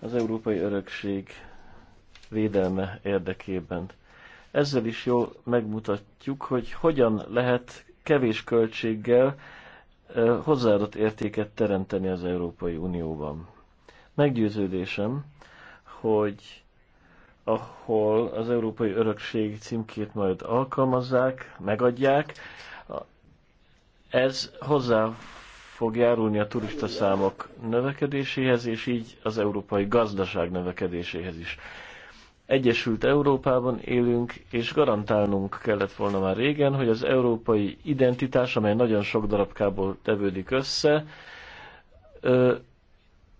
az európai örökség védelme érdekében. Ezzel is jól megmutatjuk, hogy hogyan lehet kevés költséggel hozzáadott értéket teremteni az Európai Unióban. Meggyőződésem, hogy ahol az Európai Örökség címkét majd alkalmazzák, megadják, ez hozzá fog járulni a turista számok növekedéséhez, és így az európai gazdaság növekedéséhez is. Egyesült Európában élünk, és garantálnunk kellett volna már régen, hogy az európai identitás, amely nagyon sok darabkából tevődik össze,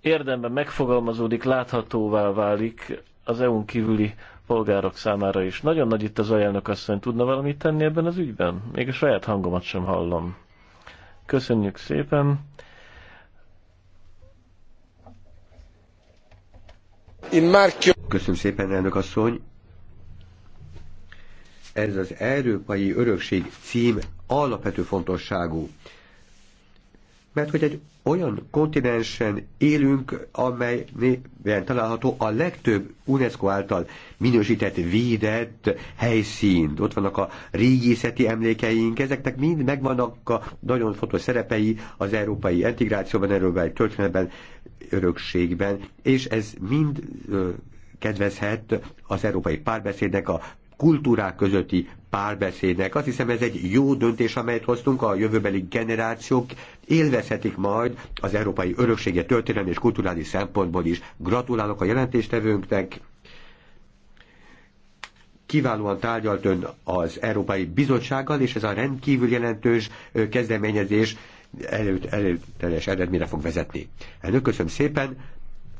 érdemben megfogalmazódik, láthatóvá válik az EU-n kívüli polgárok számára is. Nagyon nagy itt az ajánlók asszony, tudna valamit tenni ebben az ügyben? Még a saját hangomat sem hallom. Köszönjük szépen! Köszönöm szépen, elnök asszony! Ez az Európai Örökség cím alapvető fontosságú mert hogy egy olyan kontinensen élünk, amelyben található a legtöbb UNESCO által minősített, védett helyszín. Ott vannak a régészeti emlékeink, ezeknek mind megvannak a nagyon fontos szerepei az európai integrációban, európai történetben, örökségben, és ez mind kedvezhet az európai párbeszédnek, a kultúrák közötti párbeszédnek. Azt hiszem ez egy jó döntés, amelyet hoztunk, a jövőbeli generációk élvezhetik majd az európai öröksége történelmi és kulturális szempontból is. Gratulálok a jelentéstevőnknek! kiválóan tárgyalt ön az Európai Bizottsággal, és ez a rendkívül jelentős kezdeményezés előtt, előtt, eredményre fog vezetni. Elnök, köszönöm szépen.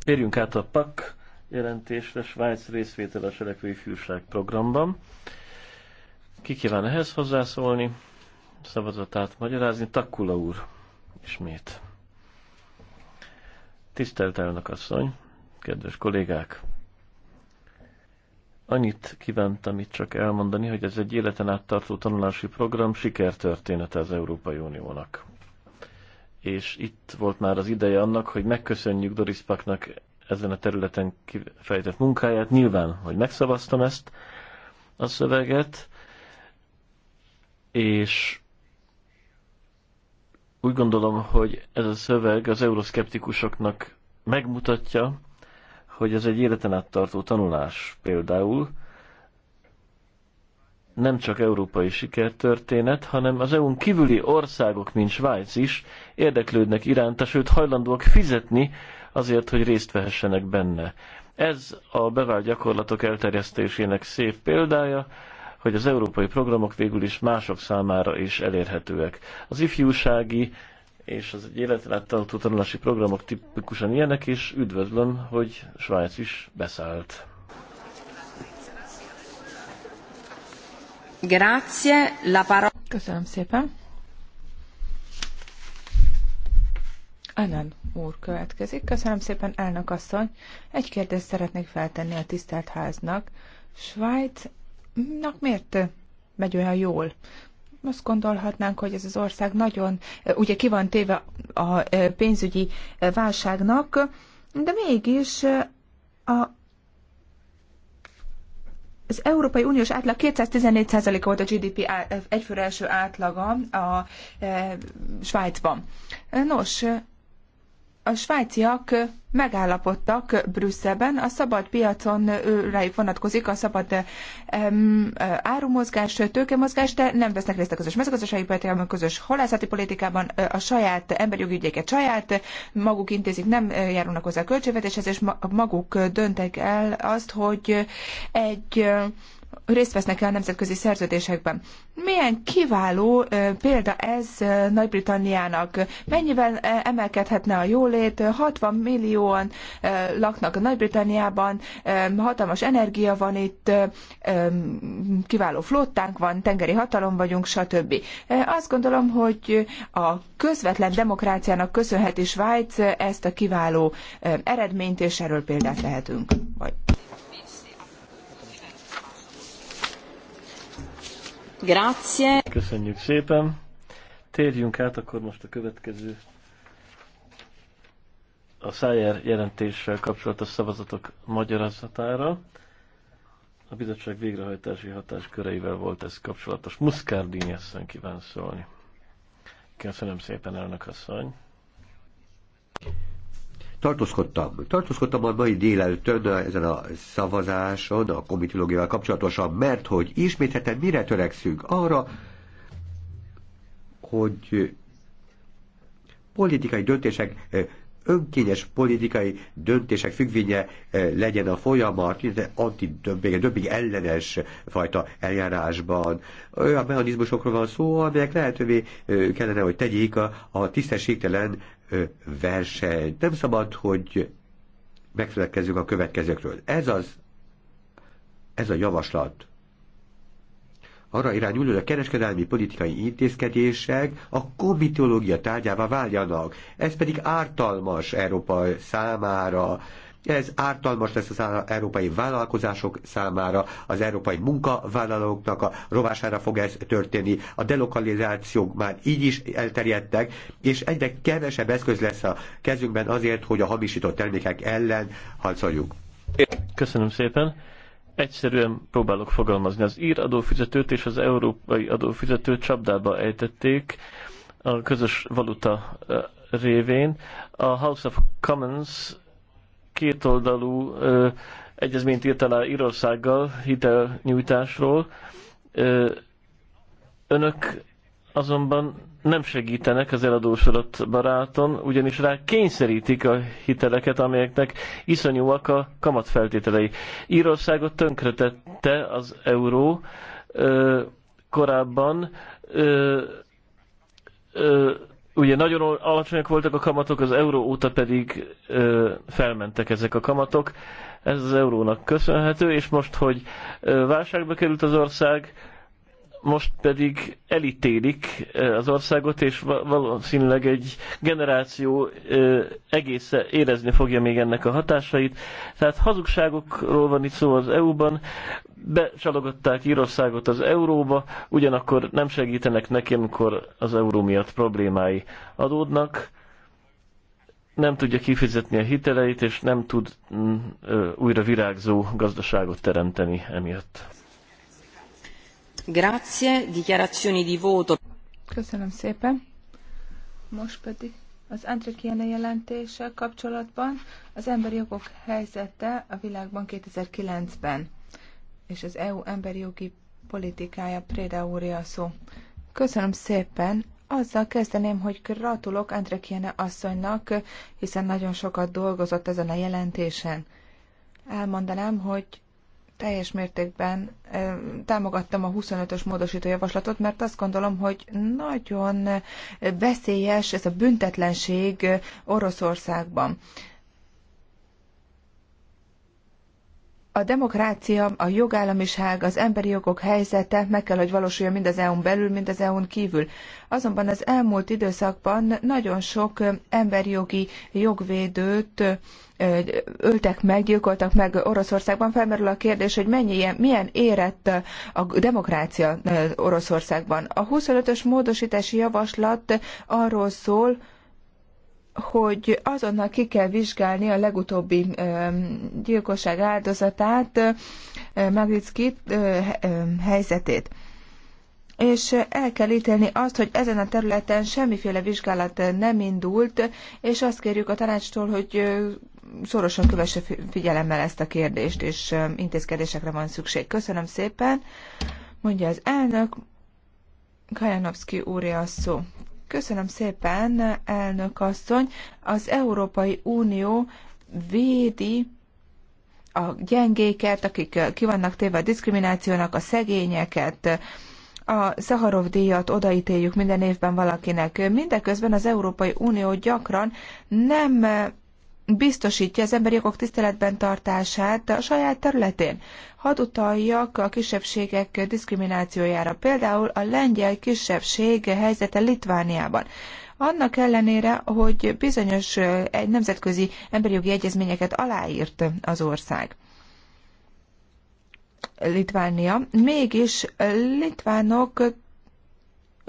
Érjünk át a PAK jelentésre Svájc részvétel a Selekvői Fűság programban. Ki kíván ehhez hozzászólni? Szavazatát magyarázni. Takkula úr, ismét. Tisztelt elnök asszony, kedves kollégák! Annyit kívántam itt csak elmondani, hogy ez egy életen át tartó tanulási program sikertörténete az Európai Uniónak. És itt volt már az ideje annak, hogy megköszönjük Doris Paknak ezen a területen kifejtett munkáját. Nyilván, hogy megszavaztam ezt a szöveget, és úgy gondolom, hogy ez a szöveg az euroszkeptikusoknak megmutatja, hogy ez egy életen át tartó tanulás például, nem csak európai sikertörténet, hanem az EU-n kívüli országok, mint Svájc is érdeklődnek iránta, sőt hajlandóak fizetni azért, hogy részt vehessenek benne. Ez a bevált gyakorlatok elterjesztésének szép példája, hogy az európai programok végül is mások számára is elérhetőek. Az ifjúsági és az életlátható tanulási programok tipikusan ilyenek, és üdvözlöm, hogy Svájc is beszállt. Grazie, la parola. Köszönöm szépen. Ellen úr következik. Köszönöm szépen, elnök asszony. Egy kérdést szeretnék feltenni a tisztelt háznak. Svájcnak miért megy olyan jól? Azt gondolhatnánk, hogy ez az ország nagyon, ugye ki van téve a pénzügyi válságnak, de mégis a az Európai Uniós átlag 214 volt a GDP egyfőre első átlaga a e, Svájcban. Nos, a svájciak megállapodtak Brüsszelben, a szabad piacon rájuk vonatkozik a szabad um, árumozgás, tőkemozgás, de nem vesznek részt a közös mezőgazdasági politikában, a közös halászati politikában, a saját emberjogi ügyeket saját, maguk intézik, nem járulnak hozzá a költségvetéshez, és maguk döntek el azt, hogy egy részt vesznek el a nemzetközi szerződésekben. Milyen kiváló példa ez Nagy-Britanniának. Mennyivel emelkedhetne a jólét? 60 millióan laknak a Nagy-Britanniában, hatalmas energia van itt, kiváló flottánk van, tengeri hatalom vagyunk, stb. Azt gondolom, hogy a közvetlen demokráciának köszönheti Svájc ezt a kiváló eredményt, és erről példát lehetünk. Vagy. Grazie. Köszönjük szépen. Térjünk át akkor most a következő a Szájer jelentéssel kapcsolatos szavazatok magyarázatára. A bizottság végrehajtási hatásköreivel volt ez kapcsolatos. Muszkárdini asszony kíván szólni. Köszönöm szépen, elnök asszony tartózkodtam. Tartózkodtam a mai délelőttön ezen a szavazáson, a komitológiával kapcsolatosan, mert hogy ismételten mire törekszünk? Arra, hogy politikai döntések önkényes politikai döntések függvénye eh, legyen a folyamat, antidöbbing, döbbing ellenes fajta eljárásban. Olyan mechanizmusokról van szó, amelyek lehetővé eh, kellene, hogy tegyék a, a tisztességtelen eh, versenyt. Nem szabad, hogy megfelelkezzünk a következőkről. Ez az, ez a javaslat arra irányuló hogy a kereskedelmi politikai intézkedések a komitológia tárgyává váljanak. Ez pedig ártalmas Európa számára. Ez ártalmas lesz az európai vállalkozások számára, az európai munkavállalóknak a rovására fog ez történni. A delokalizációk már így is elterjedtek, és egyre kevesebb eszköz lesz a kezünkben azért, hogy a hamisított termékek ellen harcoljuk. Köszönöm szépen. Egyszerűen próbálok fogalmazni. Az ír adófizetőt és az európai adófizetőt csapdába ejtették a közös valuta révén. A House of Commons kétoldalú ö, egyezményt írt alá Írországgal hitelnyújtásról. Ö, önök azonban nem segítenek az eladósodott baráton, ugyanis rá kényszerítik a hiteleket, amelyeknek iszonyúak a kamatfeltételei. Írországot tönkretette az euró ö, korábban, ö, ö, ugye nagyon alacsonyak voltak a kamatok, az euró óta pedig ö, felmentek ezek a kamatok. Ez az eurónak köszönhető, és most, hogy válságba került az ország, most pedig elítélik eh, az országot, és valószínűleg egy generáció eh, egész érezni fogja még ennek a hatásait. Tehát hazugságokról van itt szó az EU-ban, becsalogatták Írországot az euróba, ugyanakkor nem segítenek neki, amikor az euró miatt problémái adódnak, nem tudja kifizetni a hiteleit, és nem tud mm, újra virágzó gazdaságot teremteni emiatt. Grazie. Dichiarazioni di voto. Köszönöm szépen. Most pedig az Antrikiene jelentéssel kapcsolatban az emberi jogok helyzete a világban 2009-ben, és az EU emberi jogi politikája Préda úrja szó. Köszönöm szépen, azzal kezdeném, hogy gratulok Andrekiene asszonynak, hiszen nagyon sokat dolgozott ezen a jelentésen. Elmondanám, hogy teljes mértékben támogattam a 25-ös módosító javaslatot, mert azt gondolom, hogy nagyon veszélyes ez a büntetlenség Oroszországban. A demokrácia, a jogállamiság, az emberi jogok helyzete meg kell, hogy valósuljon mind az EU-n belül, mind az EU-n kívül. Azonban az elmúlt időszakban nagyon sok emberi jogi jogvédőt öltek meg, gyilkoltak meg Oroszországban. Felmerül a kérdés, hogy mennyi ilyen, milyen érett a demokrácia Oroszországban. A 25-ös módosítási javaslat arról szól, hogy azonnal ki kell vizsgálni a legutóbbi gyilkosság áldozatát, Magnitsky helyzetét. És el kell ítélni azt, hogy ezen a területen semmiféle vizsgálat nem indult, és azt kérjük a tanácstól, hogy szorosan kövesse figyelemmel ezt a kérdést, és intézkedésekre van szükség. Köszönöm szépen, mondja az elnök. Kajanovszki úré a szó. Köszönöm szépen, elnök asszony. Az Európai Unió védi a gyengéket, akik eh, ki vannak téve a diszkriminációnak, a szegényeket, a Szaharov díjat odaítéljük minden évben valakinek. Mindeközben az Európai Unió gyakran nem eh, biztosítja az emberi jogok tiszteletben tartását a saját területén. Hadd utaljak a kisebbségek diszkriminációjára, például a lengyel kisebbség helyzete Litvániában. Annak ellenére, hogy bizonyos egy nemzetközi emberi jogi egyezményeket aláírt az ország. Litvánia, mégis litvánok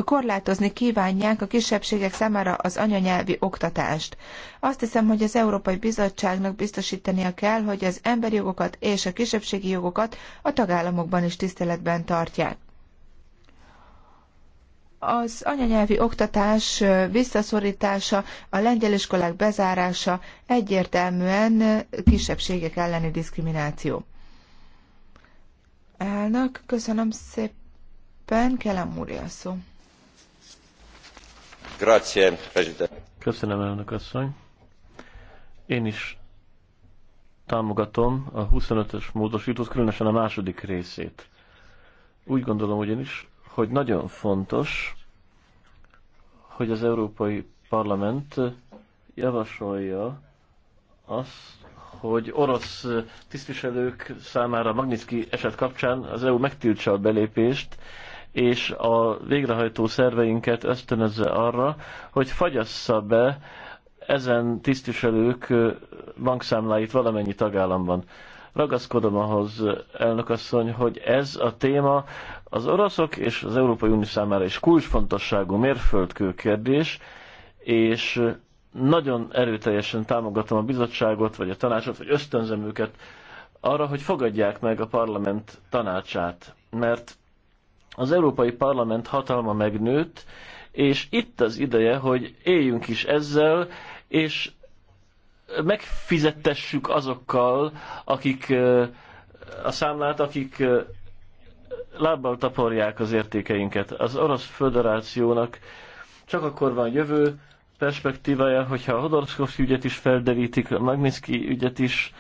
korlátozni kívánják a kisebbségek számára az anyanyelvi oktatást. Azt hiszem, hogy az Európai Bizottságnak biztosítania kell, hogy az emberi jogokat és a kisebbségi jogokat a tagállamokban is tiszteletben tartják. Az anyanyelvi oktatás visszaszorítása, a lengyel iskolák bezárása egyértelműen kisebbségek elleni diszkrimináció. Elnök, köszönöm szépen, Kelem úr a szó. Grazie, Köszönöm, elnök asszony. Én is támogatom a 25-ös módosítót, különösen a második részét. Úgy gondolom ugyanis, hogy nagyon fontos, hogy az Európai Parlament javasolja azt, hogy orosz tisztviselők számára Magnitsky eset kapcsán az EU megtiltsa a belépést, és a végrehajtó szerveinket ösztönözze arra, hogy fagyassza be ezen tisztviselők bankszámláit valamennyi tagállamban. Ragaszkodom ahhoz, elnökasszony, hogy ez a téma az oroszok és az Európai Unió számára is kulcsfontosságú mérföldkő kérdés, és nagyon erőteljesen támogatom a bizottságot, vagy a tanácsot, vagy ösztönzem őket arra, hogy fogadják meg a parlament tanácsát, mert az Európai Parlament hatalma megnőtt, és itt az ideje, hogy éljünk is ezzel, és megfizettessük azokkal, akik a számlát, akik lábbal taporják az értékeinket. Az Orosz Föderációnak csak akkor van jövő perspektívája, hogyha a Hodorkovsky ügyet is felderítik, a Magnitsky ügyet is,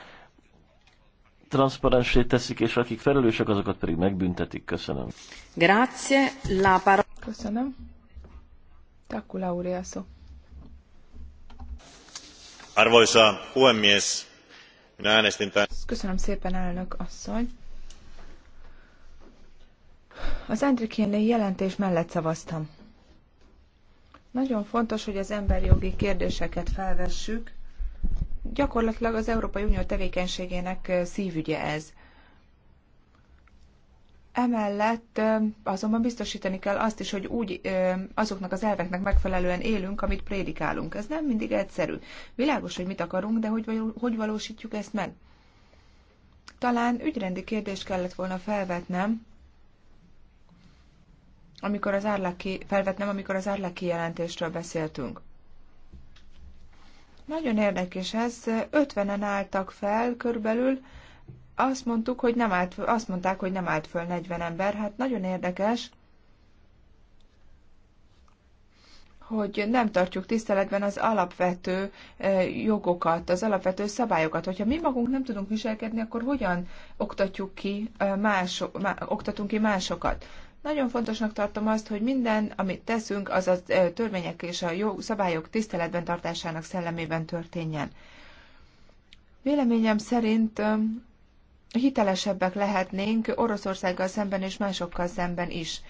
transzparensé teszik, és akik felelősek, azokat pedig megbüntetik. Köszönöm. Grazie, la parola. Köszönöm. Takula úr, szó. Arvoisa puhemies, minä äänestin tämän. Köszönöm szépen, elnök asszony. Az Andrikénlé jelentés mellett szavaztam. Nagyon fontos, hogy az emberjogi kérdéseket felvessük, gyakorlatilag az Európai Unió tevékenységének szívügye ez. Emellett azonban biztosítani kell azt is, hogy úgy azoknak az elveknek megfelelően élünk, amit prédikálunk. Ez nem mindig egyszerű. Világos, hogy mit akarunk, de hogy, hogy valósítjuk ezt meg? Talán ügyrendi kérdést kellett volna felvetnem, amikor az árlaki, felvetnem, amikor az árlaki jelentésről beszéltünk. Nagyon érdekes ez. 50-en álltak fel körülbelül. Azt, mondtuk, hogy nem állt, azt mondták, hogy nem állt föl 40 ember. Hát nagyon érdekes, hogy nem tartjuk tiszteletben az alapvető eh, jogokat, az alapvető szabályokat. Hogyha mi magunk nem tudunk viselkedni, akkor hogyan oktatjuk ki eh, más, oktatunk ki másokat? Nagyon fontosnak tartom azt, hogy minden, amit teszünk, az a törvények és a jó szabályok tiszteletben tartásának szellemében történjen. Véleményem szerint hitelesebbek lehetnénk Oroszországgal szemben és másokkal szemben is.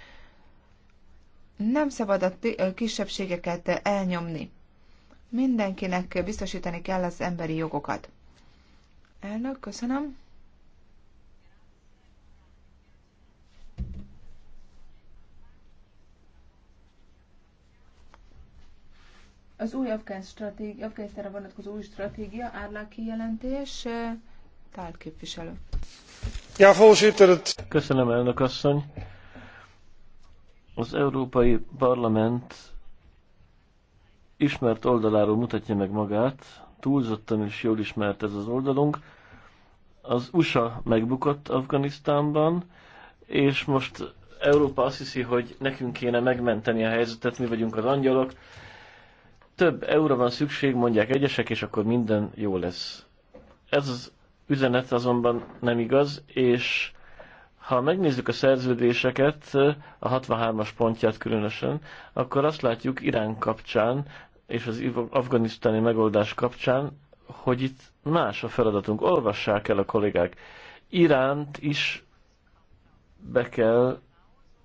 Nem szabad a kisebbségeket elnyomni. Mindenkinek biztosítani kell az emberi jogokat. Elnök, köszönöm. Az új afgán stratégia, afgánisztára vonatkozó új stratégia, árláki jelentés, tárt képviselő. Ja, Köszönöm, elnök asszony. Az Európai Parlament ismert oldaláról mutatja meg magát, túlzottan is jól ismert ez az oldalunk. Az USA megbukott Afganisztánban, és most Európa azt hiszi, hogy nekünk kéne megmenteni a helyzetet, mi vagyunk az angyalok, több euróra van szükség, mondják egyesek, és akkor minden jó lesz. Ez az üzenet azonban nem igaz, és ha megnézzük a szerződéseket, a 63-as pontját különösen, akkor azt látjuk Irán kapcsán és az afganisztáni megoldás kapcsán, hogy itt más a feladatunk. Olvassák el a kollégák. Iránt is be kell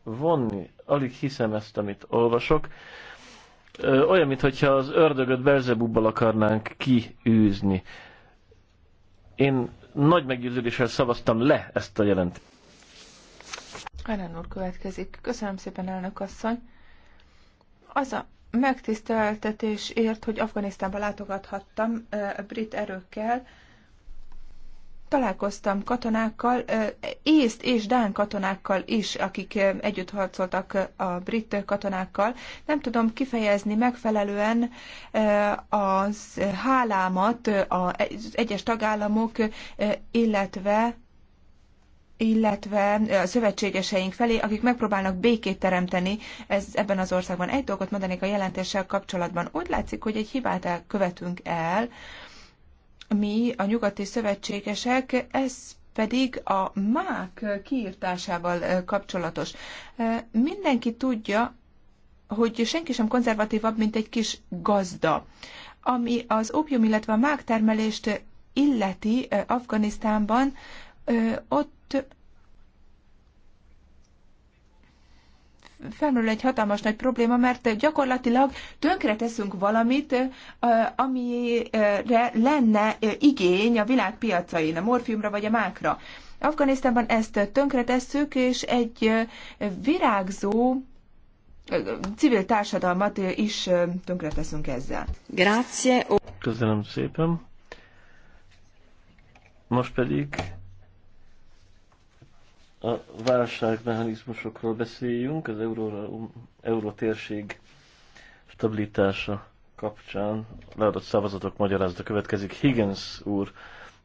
vonni. Alig hiszem ezt, amit olvasok olyan, mintha az ördögöt Belzebubbal akarnánk kiűzni. Én nagy meggyőződéssel szavaztam le ezt a jelentést. Ellen úr következik. Köszönöm szépen, elnök asszony. Az a megtiszteltetés ért, hogy Afganisztánba látogathattam a brit erőkkel, találkoztam katonákkal, észt és dán katonákkal is, akik együtt harcoltak a brit katonákkal. Nem tudom kifejezni megfelelően az hálámat az egyes tagállamok, illetve illetve a szövetségeseink felé, akik megpróbálnak békét teremteni ez, ebben az országban. Egy dolgot mondanék a jelentéssel kapcsolatban. Úgy látszik, hogy egy hibát követünk el, mi a nyugati szövetségesek, ez pedig a mák kiírtásával kapcsolatos. Mindenki tudja, hogy senki sem konzervatívabb, mint egy kis gazda. Ami az opium, illetve a mák termelést illeti Afganisztánban, ott felmerül egy hatalmas nagy probléma, mert gyakorlatilag tönkre teszünk valamit, amire lenne igény a világpiacain, a morfiumra vagy a mákra. Afganisztánban ezt tönkre tesszük és egy virágzó civil társadalmat is tönkre teszünk ezzel. Grazie. Köszönöm szépen. Most pedig a válságmechanizmusokról beszéljünk, az euró, eurótérség stabilitása kapcsán leadott szavazatok magyarázata következik. Higgins úr,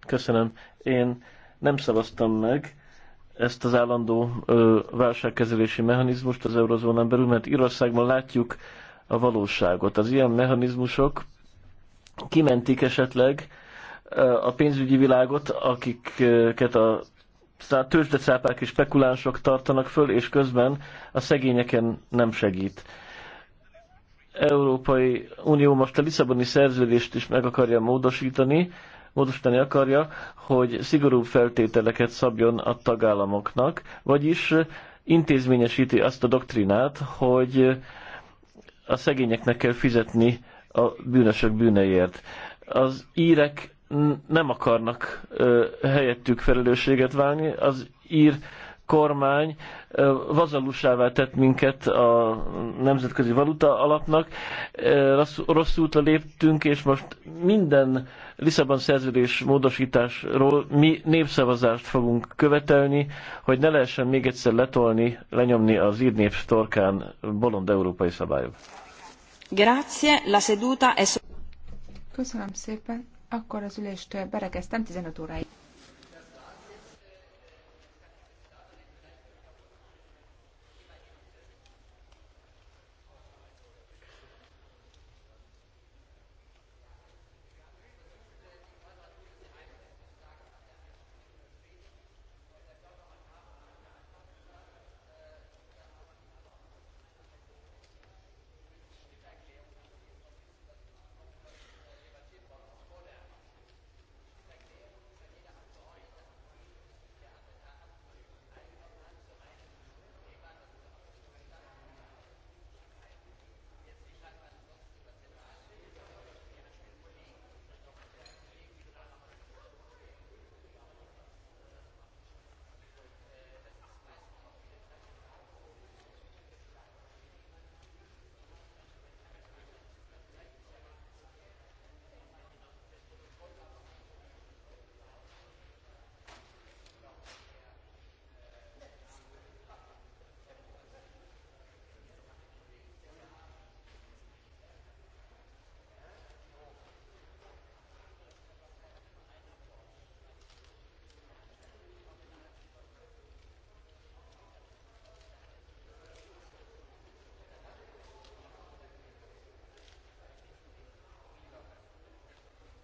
köszönöm. Én nem szavaztam meg ezt az állandó ö, válságkezelési mechanizmust az eurozónán belül, mert Írországban látjuk a valóságot. Az ilyen mechanizmusok kimentik esetleg a pénzügyi világot, akiket a tőzsdecápák és spekulánsok tartanak föl, és közben a szegényeken nem segít. Európai Unió most a Lisszaboni szerződést is meg akarja módosítani, módosítani akarja, hogy szigorúbb feltételeket szabjon a tagállamoknak, vagyis intézményesíti azt a doktrinát, hogy a szegényeknek kell fizetni a bűnösök bűneiért. Az írek nem akarnak helyettük felelősséget válni. Az ír kormány vazalusává tett minket a Nemzetközi Valuta Alapnak, rossz útra léptünk, és most minden Lisszabon szerződés módosításról mi népszavazást fogunk követelni, hogy ne lehessen még egyszer letolni, lenyomni az ír nép torkán bolond európai szabályok. Grazie, la seduta è... Köszönöm szépen. Akkor az üléstől berekeztem 15 óráig.